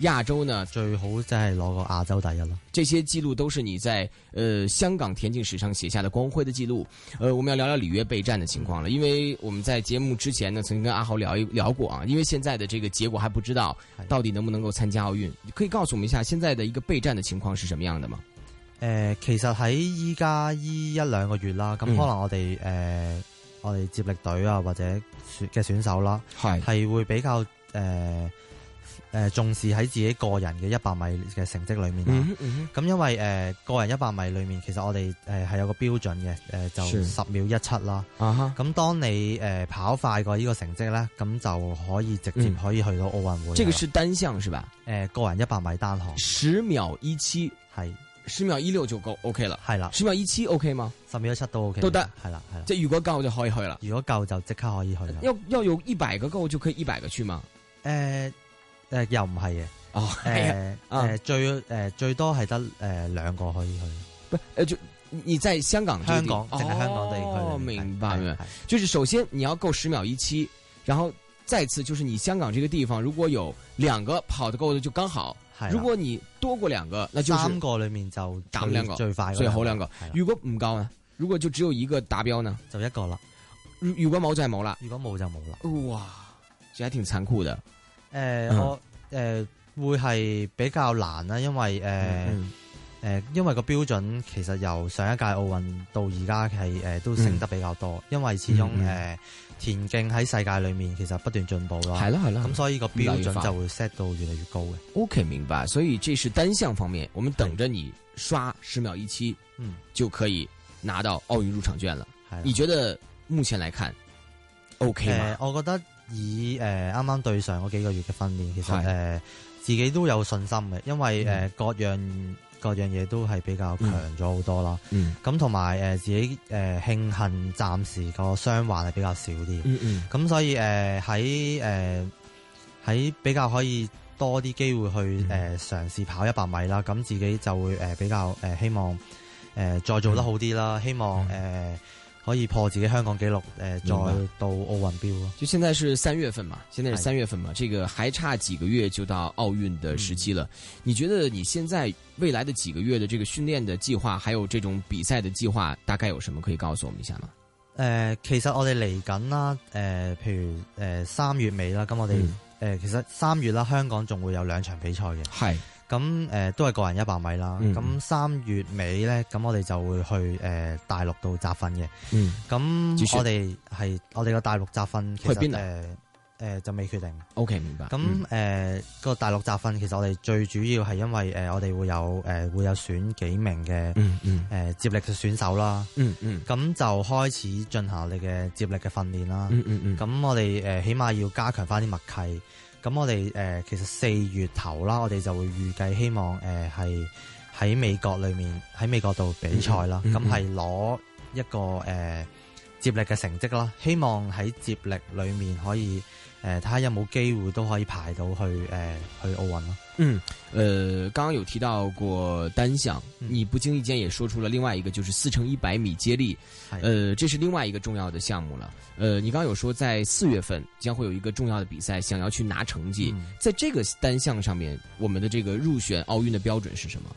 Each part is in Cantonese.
亞洲呢最好真係攞個亞洲第一啦！這些記錄都是你在，呃香港田徑史上寫下的光輝的記錄。呃我們要聊聊里約備戰的情況了，因為我們在節目之前呢，曾經跟阿豪聊一聊過啊。因為現在的這個結果還不知道，到底能不能夠參加奧運，的可以告訴我們一下現在的一個備戰的情況是什麼樣的嗎？呃其實喺依家依一兩個月啦，咁可能我哋誒、嗯呃，我哋接力隊啊或者嘅選手啦，係係的的會比較誒。呃誒，重視喺自己個人嘅一百米嘅成績裏面啦。咁因為誒個人一百米裏面，其實我哋誒係有個標準嘅，誒就十秒一七啦。咁當你誒跑快過呢個成績咧，咁就可以直接可以去到奧運會。呢個是單項是吧？誒，個人一百米單項，十秒一七係十秒一六就夠 OK 啦。係啦，十秒一七 OK 嘛？十秒一七都 OK，都得。係啦，係啦，即係如果夠就可以去啦。如果夠就即刻可以去啦。要要有一百個夠就可以一百個去嘛。誒。誒，又唔係嘅，誒誒，最誒最多係得誒兩個可以去，不誒就你在香港，香港淨係香港地區。我明白，明白，就是首先你要夠十秒一七，然後再次就是你香港這個地方如果有兩個跑得夠的就剛好，如果你多過兩個，那就三個裏面就打兩個最快，最好兩個。如果唔夠呢？如果就只有一個達標呢？就一個啦。如果冇就冇啦。如果冇就冇啦。哇，其實係挺殘酷的。誒，呃嗯、我誒、呃、會係比較難啦，因為誒誒、呃嗯呃，因為個標準其實由上一屆奧運到而家係誒都升得比較多，嗯、因為始終誒、嗯呃、田徑喺世界裏面其實不斷進步咯，係咯係咯。咁所以個標準就會 set 到越嚟越高嘅 OK，、嗯、明白。所以這是單項方面，我們等着你刷十秒一七，嗯是，就可以拿到奧運入場券了。了你覺得目前來看 OK 嗎、呃？我覺得。以誒啱啱對上嗰幾個月嘅訓練，其實誒是、呃、自己都有信心嘅，因為誒、嗯呃、各樣各樣嘢都係比較強咗好多啦。咁同埋誒自己誒、呃、慶幸暫時個傷患係比較少啲，咁、嗯嗯、所以誒喺誒喺比較可以多啲機會去誒嘗試跑一百米啦。咁自己就會誒、呃、比較誒、呃、希望誒、呃、再做得好啲啦，嗯、希望誒。嗯呃可以破自己香港紀錄，誒、呃，再到奧運標咯。就現在是三月份嘛，現在是三月份嘛，是這個還差幾個月就到奧運的時期了。嗯、你覺得你現在未來的幾個月的這個訓練的計劃，還有這種比賽的計劃，大概有什麼可以告訴我們一下嗎？誒、呃，其實我哋嚟緊啦，誒、呃，譬如誒、呃、三月尾啦，咁我哋誒、嗯呃、其實三月啦，香港仲會有兩場比賽嘅。係。咁誒、呃、都係個人一百米啦。咁三、嗯、月尾咧，咁我哋就會去誒、呃、大陸度集訓嘅。咁、嗯、我哋係我哋個大陸集訓，其實誒、呃呃、就未決定。O.K. 明白。咁誒個大陸集訓其實我哋最主要係因為誒、呃、我哋會有誒、呃、會有選幾名嘅誒、嗯嗯呃、接力嘅選手啦。嗯嗯。咁、嗯、就開始進行你嘅接力嘅訓練啦。嗯嗯。咁、嗯嗯、我哋、呃、起碼要加強翻啲默契。咁我哋、呃、其實四月頭啦，我哋就會預計希望係喺、呃、美國裏面喺美國度比賽啦，咁係攞一個誒、呃、接力嘅成績啦，希望喺接力裏面可以。誒，睇下有冇機會都可以排到去誒、呃，去奧運咯？嗯，誒、呃，剛剛有提到過單項，嗯、你不經意間也說出了另外一個，就是四乘一百米接力，誒、嗯呃，這是另外一個重要的項目了。誒、呃，你剛剛有說在四月份將會有一個重要的比賽，想要去拿成績，嗯、在這個單項上面，我們的這個入選奧運的標準是什麼？誒、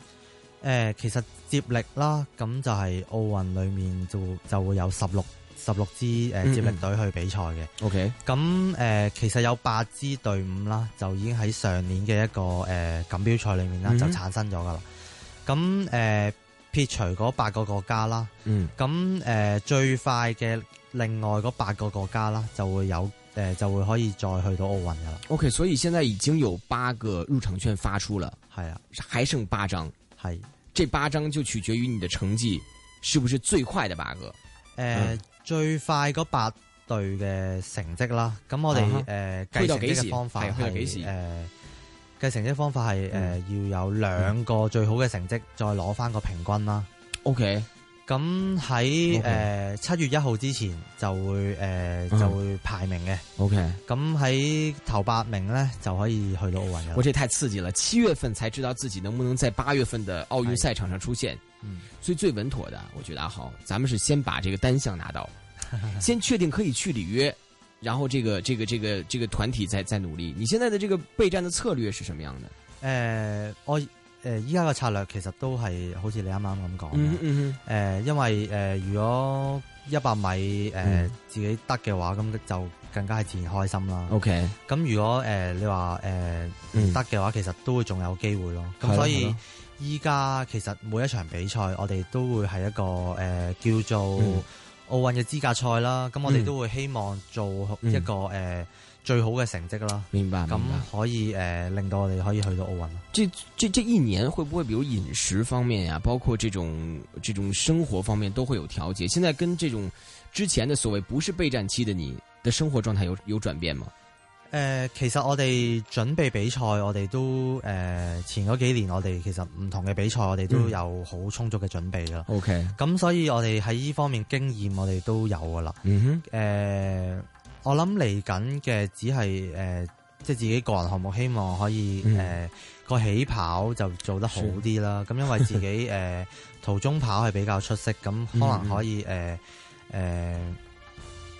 呃，其實接力啦，咁就係奧運裏面就就會有十六。十六支誒接力隊去比賽嘅、mm hmm.，OK，咁誒、呃、其實有八支隊伍啦，就已經喺上年嘅一個誒錦、呃、標賽裏面啦，mm hmm. 就產生咗噶啦。咁誒、呃、撇除嗰八個國家啦，咁誒、mm hmm. 呃、最快嘅另外嗰八個國家啦，就會有誒、呃、就會可以再去到奧運噶啦。O、okay, K，所以現在已經有八個入場券發出啦，係啊，還剩八張，係是，這八張就取決於你的成績是不是最快嘅八個，誒、呃。嗯最快嗰八隊嘅成績啦，咁我哋誒計成績方法係誒計成績方法係誒、嗯呃、要有兩個最好嘅成績，再攞翻個平均啦。O K，咁喺誒七月一號之前就會誒、呃 uh huh, 就會排名嘅。O K，咁喺頭八名咧就可以去到奧運嘅。我真係太刺激啦！七月份才知道自己能唔能在八月份嘅奧運賽場上出現。所以最穩妥的，我覺得好，咱們是先把這個單項拿到，先確定可以去里約，然後這個、這個、這個、這個團體再再努力。你現在的這個備戰的策略是什麼樣的？誒、呃，我誒依家嘅策略其實都係好似你啱啱咁講。嗯嗯嗯。誒、呃，因為誒、呃，如果一百米誒、呃嗯、自己得嘅話，咁就更加係自然開心啦。OK。咁如果誒、呃、你話誒、呃嗯、唔得嘅話，其實都會仲有機會咯。咁所以。依家其實每一場比賽，我哋都會係一個、呃、叫做奧運嘅資格賽啦。咁、嗯、我哋都會希望做一個、嗯呃、最好嘅成績啦。明白。咁可以、呃、令到我哋可以去到奧運。即即即一年會不會比如飲食方面啊？包括這種這種生活方面都會有調節？現在跟這種之前的所謂不是備戰期的，你的生活狀態有有轉變嗎？誒、呃，其實我哋準備比賽，我哋都誒前嗰幾年，我哋其實唔同嘅比賽，我哋都有好充足嘅準備啦。OK，咁所以我哋喺呢方面經驗、嗯哼呃，我哋都有噶啦。嗯誒，我諗嚟緊嘅只係誒，即係自己個人項目，希望可以誒個、嗯哼呃、起跑就做得好啲啦。咁 因為自己誒、呃、途中跑係比較出色，咁可能可以誒誒、嗯哼呃，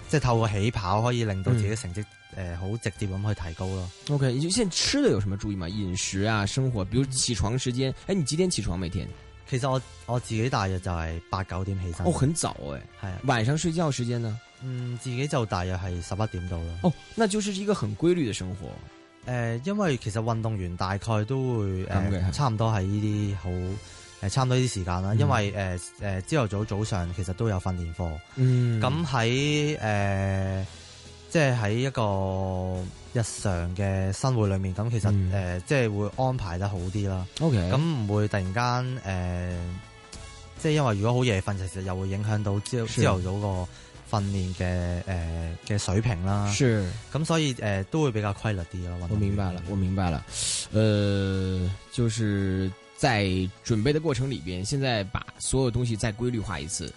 即係透過起跑可以令到自己成績、嗯。誒，好、呃、直接咁去提高咯。OK，就現吃的有什麼注意嘛？飲食啊，生活，比如起床時間。誒、嗯哎，你幾點起床每天？其實我我自己大約就係八九點起身。哦，很早誒。係啊。晚上睡覺時間呢？嗯，自己就大約係十一點到啦。哦，那就是一個很規律的生活。誒、呃，因為其實運動員大概都會誒、嗯嗯呃，差唔多係呢啲好誒、呃，差唔多呢啲時間啦。嗯、因為誒誒，朝頭早早上其實都有訓練課。嗯。咁喺誒。呃即係喺一個日常嘅生活裏面，咁其實誒，即係、嗯呃就是、會安排得好啲啦。OK，咁唔會突然間誒，即、呃、係、就是、因為如果好夜瞓，其實又會影響到朝朝頭早個訓練嘅誒嘅水平啦。咁是、呃、所以誒、呃、都會比較規律啲咯。我明白了，嗯、我明白了。誒、呃，就是在準備嘅過程裏邊，現在把所有東西再規律化一次。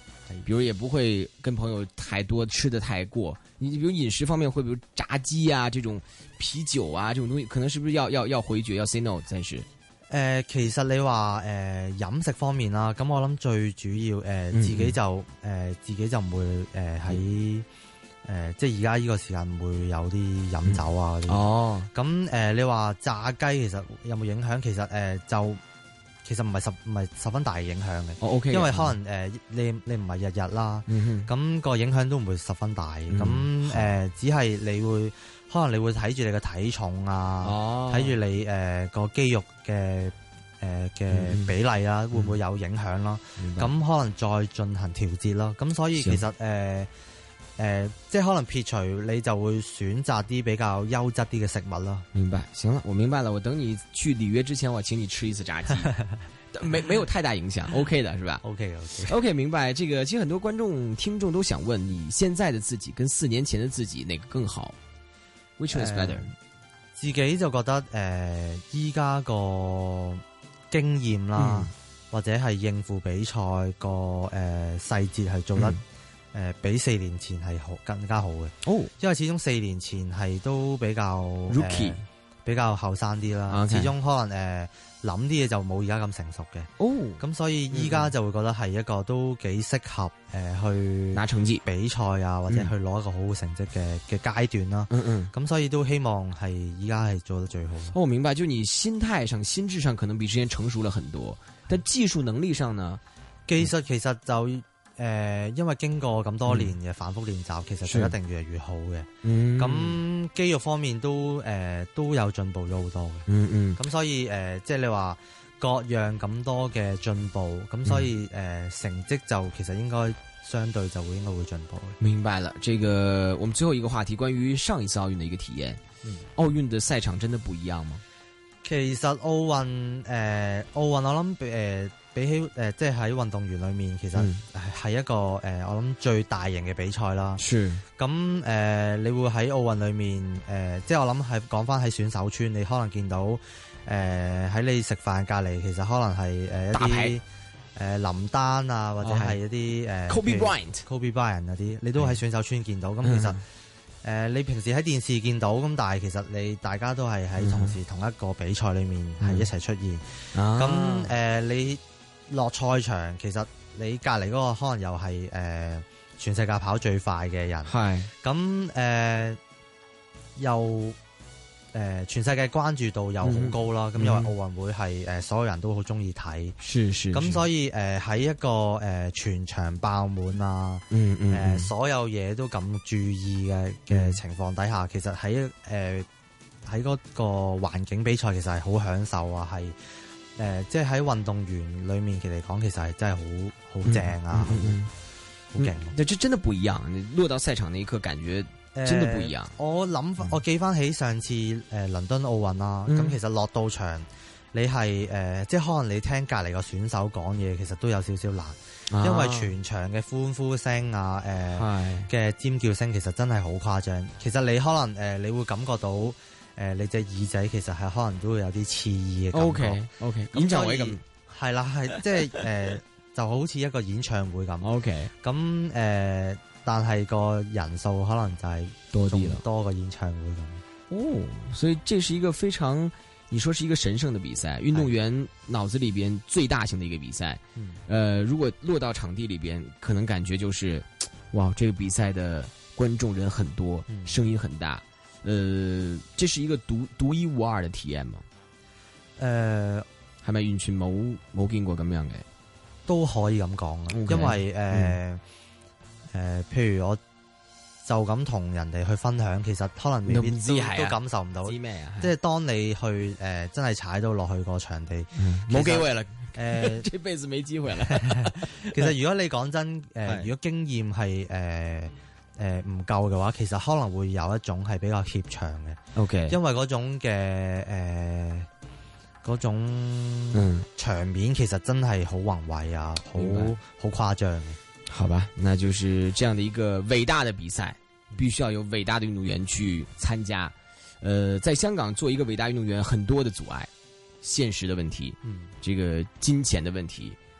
比如也不會跟朋友太多吃得太過，你比如飲食方面會，比如炸雞啊這種啤酒啊這種東西，可能是不是要要要回絕要 say no，暫時？誒、呃，其實你話誒飲食方面啦、啊，咁我諗最主要誒、呃嗯嗯、自己就誒、呃、自己就唔會誒喺誒即係而家呢個時間唔會有啲飲酒啊啲、嗯、哦那，咁、呃、誒你話炸雞其實有冇影響？其實誒、呃、就。其實唔係十唔係十分大嘅影響嘅，oh, okay. 因為可能誒、呃、你你唔係日日啦，咁、mm hmm. 個影響都唔會十分大，咁誒、mm hmm. 呃、只係你會可能你會睇住你嘅體重啊，睇住、oh. 你誒、呃個肌肉嘅誒嘅比例啊，mm hmm. 會唔會有影響咯？咁、mm hmm. 可能再進行調節咯，咁所以其實誒。So. 呃誒、呃，即係可能撇除，你就會選擇啲比較優質啲嘅食物咯。明白，行啦，我明白了，我等你去里約之前，我請你吃一次炸雞， 但沒沒有太大影響 ，OK 的，是吧？OK OK OK，明白。這個其實很多觀眾聽眾都想問，你現在的自己跟四年前的自己，哪個更好？Which one is better？、呃、自己就覺得誒，依家個經驗啦，嗯、或者係應付比賽個誒、呃、細節係做得、嗯。誒、呃，比四年前係好更加好嘅哦，oh. 因為始終四年前係都比較 rookie，、呃、比較後生啲啦。Okay. 始終可能誒諗啲嘢就冇而家咁成熟嘅哦。咁、oh. 嗯、所以依家就會覺得係一個都幾適合誒、呃、去拿成績、比賽啊，或者去攞一個好成績嘅嘅、嗯、階段啦。嗯嗯，咁所以都希望係依家係做得最好、哦。我明白，就你心態上、心智上可能比之前成熟咗很多，但技術能力上呢？技術其實就。嗯誒、呃，因為經過咁多年嘅反覆練習，嗯、其實佢一定越嚟越好嘅。咁、嗯、肌肉方面都誒、呃、都有進步咗好多嘅。咁、嗯嗯、所以誒、呃，即係你話各樣咁多嘅進步，咁所以誒、嗯呃、成績就其實應該相對就會應該會進步。明白啦，這個我們最後一個話題，關於上一次奧運的一個體驗。奧運、嗯、的賽場真的不一樣嗎？其實奧運誒，奧、呃、運我諗誒。呃比起誒、呃，即係喺運動員裏面，其實係一個誒、嗯呃，我諗最大型嘅比賽啦。咁誒是、呃，你會喺奧運裏面誒、呃，即係我諗係講翻喺選手村，你可能見到誒喺、呃、你食飯隔離，其實可能係誒一啲片、呃、林丹啊，或者係一啲誒、啊、如 Kobe Bryant、Kobe Bryant 嗰啲，你都會喺選手村見到。咁是其實誒、嗯呃，你平時喺電視見到，咁但係其實你大家都係喺同時同一個比賽裏面係一齊出現。咁誒、嗯嗯啊呃，你。落賽場，其實你隔籬嗰個可能又係誒、呃、全世界跑最快嘅人，係咁誒又誒全世界關注度又好高啦，咁、嗯、因為奧運會係誒、嗯、所有人都好中意睇，咁所以誒喺、呃、一個誒、呃、全場爆滿啊，誒、呃嗯嗯、所有嘢都咁注意嘅嘅情況底下，嗯、其實喺誒喺嗰個環境比賽，其實係好享受啊，係。誒、呃，即係喺運動員裏面嘅嚟講，其實係真係好好正啊，好勁！就真真係不一樣。你落到賽場，呢一刻感覺真係不一樣。呃、我諗，我記翻起上次誒、呃、倫敦奧運啦，咁、嗯、其實落到場，你係誒、呃，即係可能你聽隔籬個選手講嘢，其實都有少少難，啊、因為全場嘅歡呼聲啊，誒、呃、嘅是尖叫聲，其實真係好誇張。其實你可能誒、呃，你會感覺到。誒、呃，你隻耳仔其實係可能都會有啲刺耳嘅感覺。O K，O K，咁所以係啦，係即係誒，就好似一個演唱會咁。O K，咁誒，但係個人數可能就係多啲咯，多個演唱會咁。哦，所以這是一個非常，你說是一個神聖的比賽，運動員腦子裏邊最大型的一個比賽。嗯，誒、呃，如果落到場地裏邊，可能感覺就是，哇，這個比賽的觀眾人很多，嗯、聲音很大。誒，即係一個獨獨一無二嘅體驗嘛？誒、呃，係咪完全冇冇見過咁樣嘅？都可以咁講，okay. 因為誒誒、嗯呃呃，譬如我就咁同人哋去分享，其實可能未必都、嗯、都，都感受唔到咩啊。嗯、即係當你去誒、呃、真係踩到落去個場地，冇、嗯、機會啦。誒、呃，這輩子冇機會啦。其實如果你講真，誒、呃，如果經驗係誒。呃誒，唔、呃、夠嘅話，其實可能會有一種係比較怯場嘅。OK，因為嗰種嘅誒，嗰、呃、種嗯場面其實真係好宏偉啊，好好誇張的。好吧，那就是這樣的一個偉大的比賽，必須要有偉大的運動員去參加。誒、呃，在香港做一個偉大運動員，很多的阻礙，現實的問題，嗯，這個金錢的問題。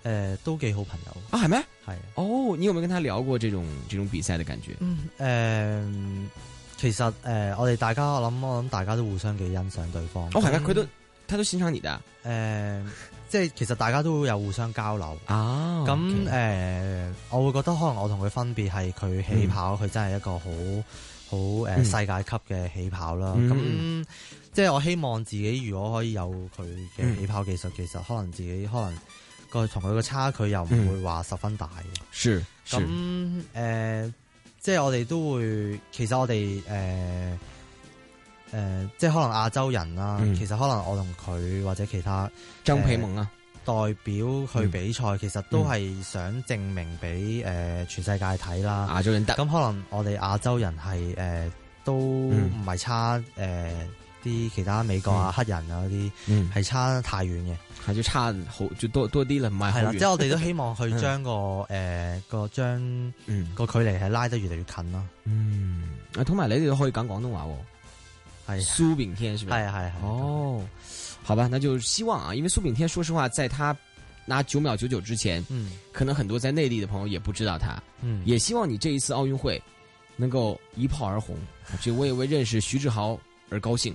誒、呃，都幾好朋友啊，係咩？係哦、嗯，你有冇跟他聊過這種這種比賽嘅感覺？誒，其實誒、呃，我哋大家我諗我諗大家都互相幾欣賞對方。哦、oh, 但，係啊，佢都聽到先生嘅啊。誒、呃，即、就、係、是、其實大家都有互相交流啊。咁誒，我會覺得可能我同佢分別係佢起跑，佢、嗯、真係一個好好誒世界級嘅起跑啦。咁即係我希望自己如果可以有佢嘅起跑技術，其實可能自己可能。個同佢個差距又唔會話十分大，嗯，是咁誒、呃，即係我哋都會，其實我哋誒誒，即係可能亞洲人啦，啊，嗯，其實可能我同佢或者其他張皮蒙啊，呃，代表去比賽，嗯，其實都係想證明俾誒、呃，全世界睇啦，亞洲人得，咁可能我哋亞洲人係誒、呃，都唔係差誒。嗯呃啲其他美國啊黑人啊嗰啲，係差太遠嘅，係要差好多多啲啦，唔係好遠。即係我哋都希望去將個誒個將，嗯個距離係拉得越嚟越近咯。嗯，啊，同埋你哋都可以講廣東話喎，係蘇炳添，係啊係啊，哦，好吧，那就希望啊，因為蘇炳添，說實話，在他拿九秒九九之前，嗯，可能很多在內地的朋友也不知道他，嗯，也希望你這一次奧運會能夠一炮而紅，就我也為認識徐志豪而高興。